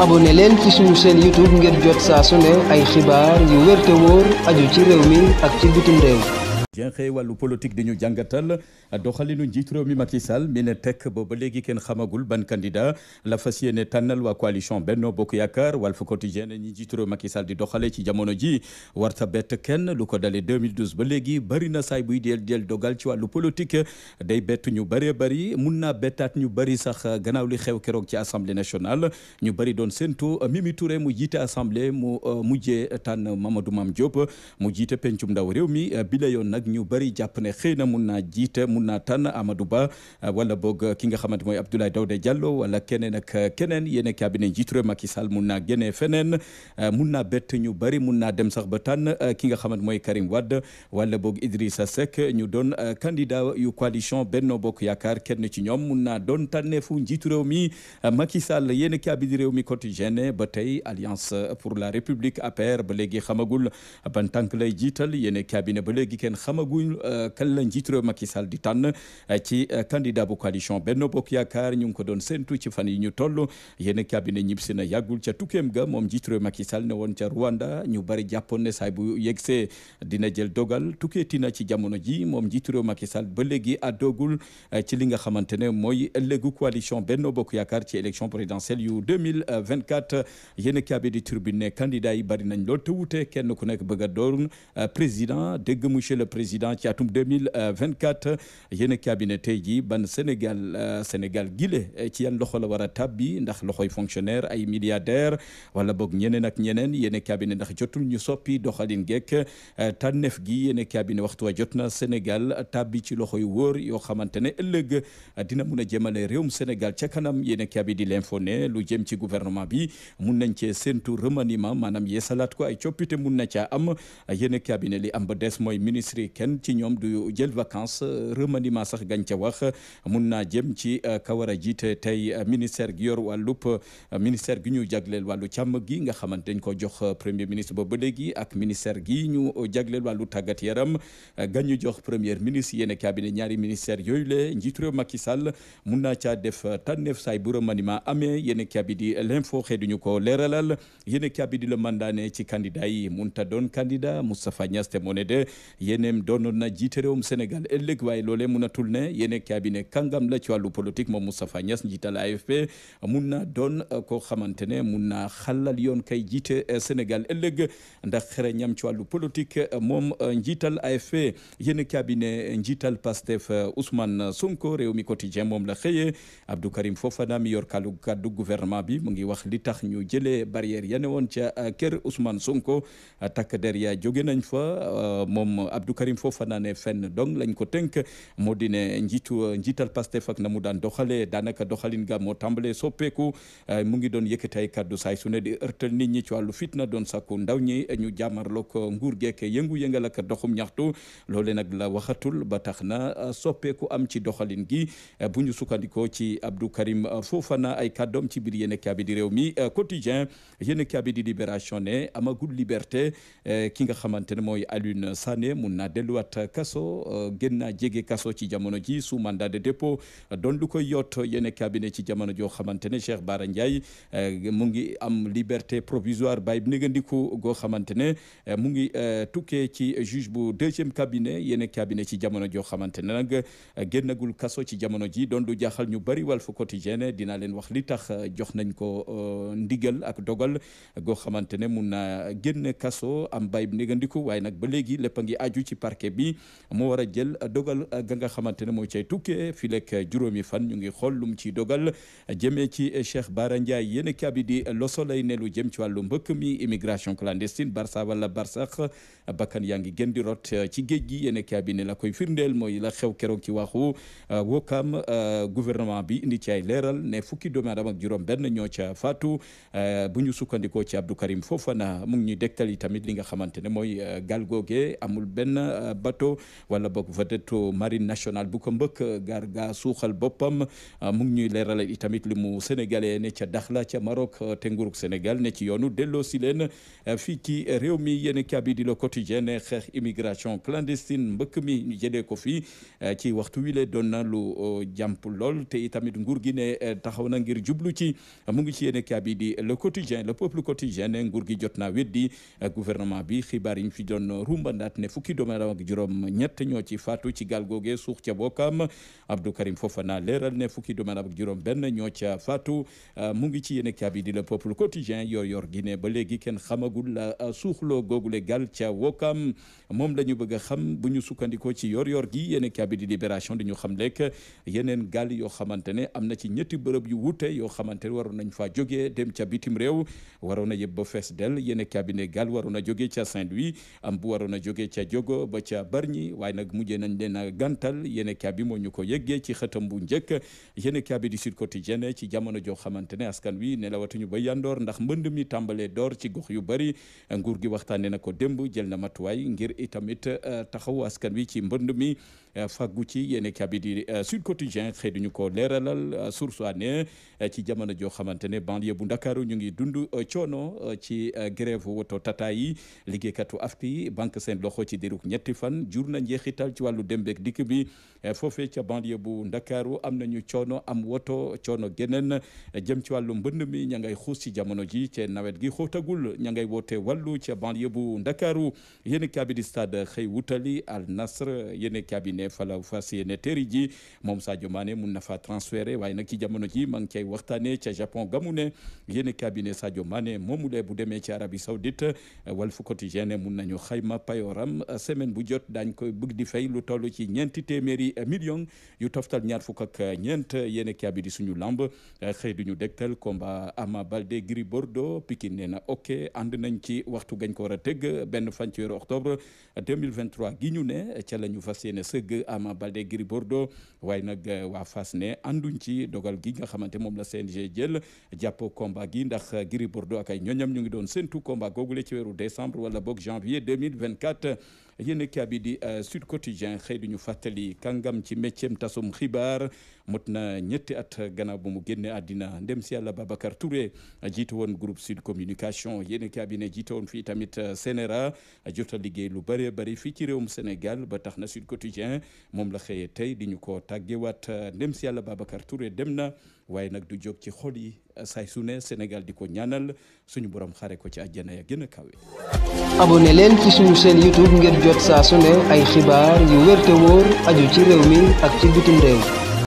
abonné leen ci suñu chaîne YouTube ngir jot saa su ay xibaar yu wér te aju ci réew mi ak ci bitim réew. Dieng xëy wàllu politique di ñu jàngatal. doxalinu njiitu réew mi Macky Sall mi ne tekk booba léegi kenn xamagul ban candidat la fas yéene tànnal waa coalition Benno Bokk Yaakaar Walf Quotidien ñi njiitu réew Macky Sall di doxale ci jamono ji warta bett kenn lu ko dalee 2012 ba léegi bëri na saay buy del del dogal ci wàllu politique day bett ñu bëree bari mun naa bettaat ñu bëri sax gannaaw li xew keroog ci assemblée national ñu bëri doon séntu Mimi Touré mu jiite assemblée mu euh, mujjee tànn mamadu Mame Diop mu jiite pencum ndaw réew mi nag ñu bëri jàpp xëy na mun naa jiite mun mun naa tànn Amadou Ba euh, wala boog euh, ki nga xamante mooy Abdoulaye Daouda Diallo wala keneen ak euh, keneen yéen kaabine cabinet njiitu réew mun naa génnee feneen mun naa bett ñu bari mun naa dem sax ba tànn ki nga xamante mooy Karim Wade wala boog Idrissa Seck ñu doon candidat yu coalition Benno Bokk Yaakaar kenn ci ñoom mun naa doon tànneefu njiitu réew mi Macky Sall yéen cabinet réew mi quotidien ba tey Alliance pour la République APR ba léegi xamagul ban tànk lay jiital yéen cabinet ba léegi kenn xamagul kan la njiitu réew Macky tànn eh, ci eh, candidat bu coalition benn Bokk Yaakaar ñu ngi ko doon séntu ci fan yi ñu toll yéen cabinet ñibsi na yàggul ca tukkeem ga moom njiit réew Macky Sall ne woon ca Rwanda ñu bari jàppoon ne saay bu yegsee dina jël dogal tukkeeti na ci jamono ji moom njiit réew Macky Sall ba léegi àddoogul eh, ci li nga xamante ne mooy ëllëgu coalition Benno Bokk Yaakaar ci élection présidentielle yu 2024 yéen cabinet di Tribune candidat yi bari nañ lool te wute kenn ku nekk bëgg a président dégg monsieur le président ci atum 2024 yéen a cabinet tey jii ban Sénégal euh, Sénégal gile euh, ci yan loxo la war a tàbbi ndax loxoy fonctionnaire ay milliardaire wala boog ñeneen ak ñeneen yéen a ndax jotul ñu soppi doxalin geek euh, tànneef gi yéen a cabinet waxtu wa jot na Sénégal tàbbi ci loxoy wóor yoo xamante ne ëllëg dina mun a jëmale réewum Sénégal ca kanam yéen a cabinet di l'info ne lu jëm ci gouvernement bi mun nañ cee séntu remaniement maanaam yeesalaat ko ay coppite mun na caa am yéen a cabinet li am ba des mooy ministre yi kenn ci ñoom du jël ma sax gañ ca wax mun naa jëm ci euh, ka war a jiite tey euh, ministère gi yor wàllub euh, ministère gi ñu jagleel wàllu càmm gi nga xamante dañ ko jox premier ministre ba ba léegi ak ministère gi ñu jagleel wàllu tàggat yaram gañu jox premier ministre yéen cabinet ñaari ministère yooyu le njiitu réew Macky Sall mun naa caa def tànneef saay bu remaniement amee yéen cabinet di l'info xeeduñu ko leeralal yéen cabinet di la mandaane ci candidat yi mun ta doon candidat Moustapha Niass te moo ne de yéeneem doonoon loolee mënatul ne yéen kaa bi ne kàngam la ci wàllu politique moom Moustapha Niass njiital AFP mun na doon euh, koo xamante ne mun naa xalal yoon kay jiite euh, Sénégal ëllëg ndax xereñam ci wàllu politique euh, moom njiital AFP yéen kaa bi ne njiital Pastef Ousmane Sonko réew mi quotidien moom la xëyee Abdou Karim Fofana mi yor kàddu kaddu gouvernement bi mu ngi wax li tax ñu jëlee barrière ya ne woon ca kër Ousmane Sonko takk der ya jóge nañ fa moom Abdou Karim Fofana ne fenn dong lañ ko tënk moo di ne njiitu euh, njiital Pastef ak na mu daan doxalee daanaka doxalin ga moo tàmbalee soppeeku euh, mu ngi doon yëkkati ay kaddu saay su ne di nit ñi ci wàllu fitna doon sakku ndaw ñi ñu jàmmarloog euh, nguur geek yëngu-yëngal ak doxum ñaxtu loole nag la waxatul ba tax na soppeeku am ci doxalin gi bu ñu sukkandikoo ci Abdou Karim Fofana ay kàddoom ci biir yéen kaabi di réew mi quotidien yéen kaabi di libération ne amagul liberté ki nga xamante ne mooy Alioune Sané mun naa delluwaat kaso gën naa jege kaso ci jamono ji sous mandat de dépôt doon lu koy yott yene cabinet ci jamono joo xamante ne Cheikh Bara Ndiaye eh, mu ngi am liberté provisoire bay bi négandiku goo xamante ne eh, mu ngi eh, tukkee ci juge bu deuxième cabinet yene cabinet ci jamono joo xamante ne nag génnagul kasso ci jamono ji doon lu jaaxal ñu bari Walf Quotidien dinaa leen wax li tax jox nañ ko ndigal ak dogal goo xamante ne mun na génn kaso am bay bi négandiku waaye nag ba léegi lépp ngi aju ci parquet bi ga nga xamante ne mooy cay tukkee fii lekk juróomi fan ñu ngi xool lu ci dogal jëmee ci Cheikh Bara Ndiaye yéen kabi di Le Soleil ne lu jëm ci wàllu mbëkk mi immigration clandestine Barça wala Barsax bakkan yaa ngi gën di rot ci géej gi yéen kabi ne la koy firndeel mooy la xew keroog ci waxu euh, Wokam euh, gouvernement bi indi ci ay leeral ne fukki doomi aadama ak juróom benn ñoo ca faatu euh, bu ñu sukkandikoo ci Abdou Karim Fofana mu ngi ñuy dégtal tamit li nga xamante ne mooy gaal amul benn bateau wala marine nationale bu ko mbëkk gar gaa suuxal boppam ah, mu ngi ñuy leeralal itamit li mu sénégalais ne ca Dakhla ca Maroc ah, te nguurug Sénégal ne ci yoonu delloo si leen ah, fi ci réew mi yéen kabi di Le Quotidien ne xeex immigration clandestine mbëkk mi ñu ko fi ci waxtu wi le doon na lu jàmp lool te itamit nguur gi ne eh, taxaw na ngir jublu ci mu ngi ci yéen kabi Le Quotidien Le Peuple Quotidien ne nguur jot naa weddi gouvernement bi xibaar yi ñu fi doon rumbandaat ne fukki doomu jóge suux ca bokkam Abdou Karim Fofana leeral ne fukki domaine ak juróom benn ñoo ca faatu euh, mu ngi ci yéene kaabi di le yor yor Guinée ba léegi kenn xamagul la euh, suuxloo googule gal ca wokkam moom la ñu bëgg a xam bu ñu sukkandikoo ci yor yor gi yéene kaabi di di ñu xam lekk yeneen gaal yoo xamante ne am na ci ñetti bërëb yu wute yoo xamante ne waroon nañ faa jógee dem ca bitim réew waroon na yëpp ba fees del yéene cabinet gal waroon na jógee ca Saint-Louis am bu waroon na jógee ca Diogo ba ca Bargny waaye nag mujjee nañ gantal yéenekaay bi moo ñu ko yëggee ci xëtam bu njëkk yéenekaay bi di Sud Quotidien ci jamono joo xamante ne askan wi ne la ba yandoor ndax mbënd mi tàmbalee door ci gox yu bari nguur gi waxtaane na ko démb jël na matuwaay ngir itamit euh, taxaw askan wi ci mbënd mi Euh, faggu ci yéen kabi di euh, Sud Quotidien xëy duñu ko leeralal euh, source ne ci jamono joo xamante ne banlieue bu Ndakaaru ñu ngi dund coono ci grève woto tata yi liggéeykatu afti banque seen loxo ci diirug ñetti fan jur na njeexital ci wàllu dem beeg dikk bi foofee ca banlieue bu Ndakaaru am nañu coono am woto coono geneen jëm ci wàllu mbënn mi ña ngay xuus ci jamono ji ce nawet gi xootagul ña ngay woote wàllu ca banlieue bu Ndakaaru yenn kabi di stade xëy wutali al ne fa la fas yéene teri ji moom Sadio Mané mun na fa transféré waaye nag ci jamono ji ma ngi cay waxtaanee ca Japon gamu ne yéen cabinet Sadio Mané moomu le bu demee ci Arabie Saoudite Walf Quotidien ne mun nañu xayma payoram semaine bu jot dañ koy bëgg di fay lu toll ci ñeenti téeméeri million yu toftal ñaar fu ak ñeent yéen cabinet suñu lamb xëy duñu dégtal combat Ama Baldé Gris Bordeaux Pikine nee na ok ànd nañ ci waxtu gañ ko war a tëgg benn fan dëgg Ama Baldé Gris Bordeaux waaye nag euh, waa Fass ne anduñ ci dogal gii nga xamante moom la CNG jël jàpp combat gii ndax Gris Bordeaux ak ay ñoñam ñu ngi doon séntu combat googule ci weeru décembre wala boog janvier yéen kaabi di euh, Sud Quotidien xëy duñu fàttali kàngam ci métiem tasum xibaar mot na ñetti at gannaaw bu mu génne àddina ndem si yàlla Babacar Touré jiitu woon groupe Sud Communication yéen kaabi ne jiite woon fii tamit euh, Sénéra jota liggéey lu bëree bëri fii ci réewum Sénégal ba tax na Sud Quotidien moom la xëyee tey di ñu ko tàggewaat ndem si yàlla Babacar Touré dem na waaye nag du jóg ci xol yi say su ne Sénégal di ko ñaanal suñu boroom xare ko ci àjjana ya gën a kawe. abonné leen ci suñu chaîne YouTube ngir jot saa su ay xibaar yu wér aju ci réew mi ak ci bitim réew.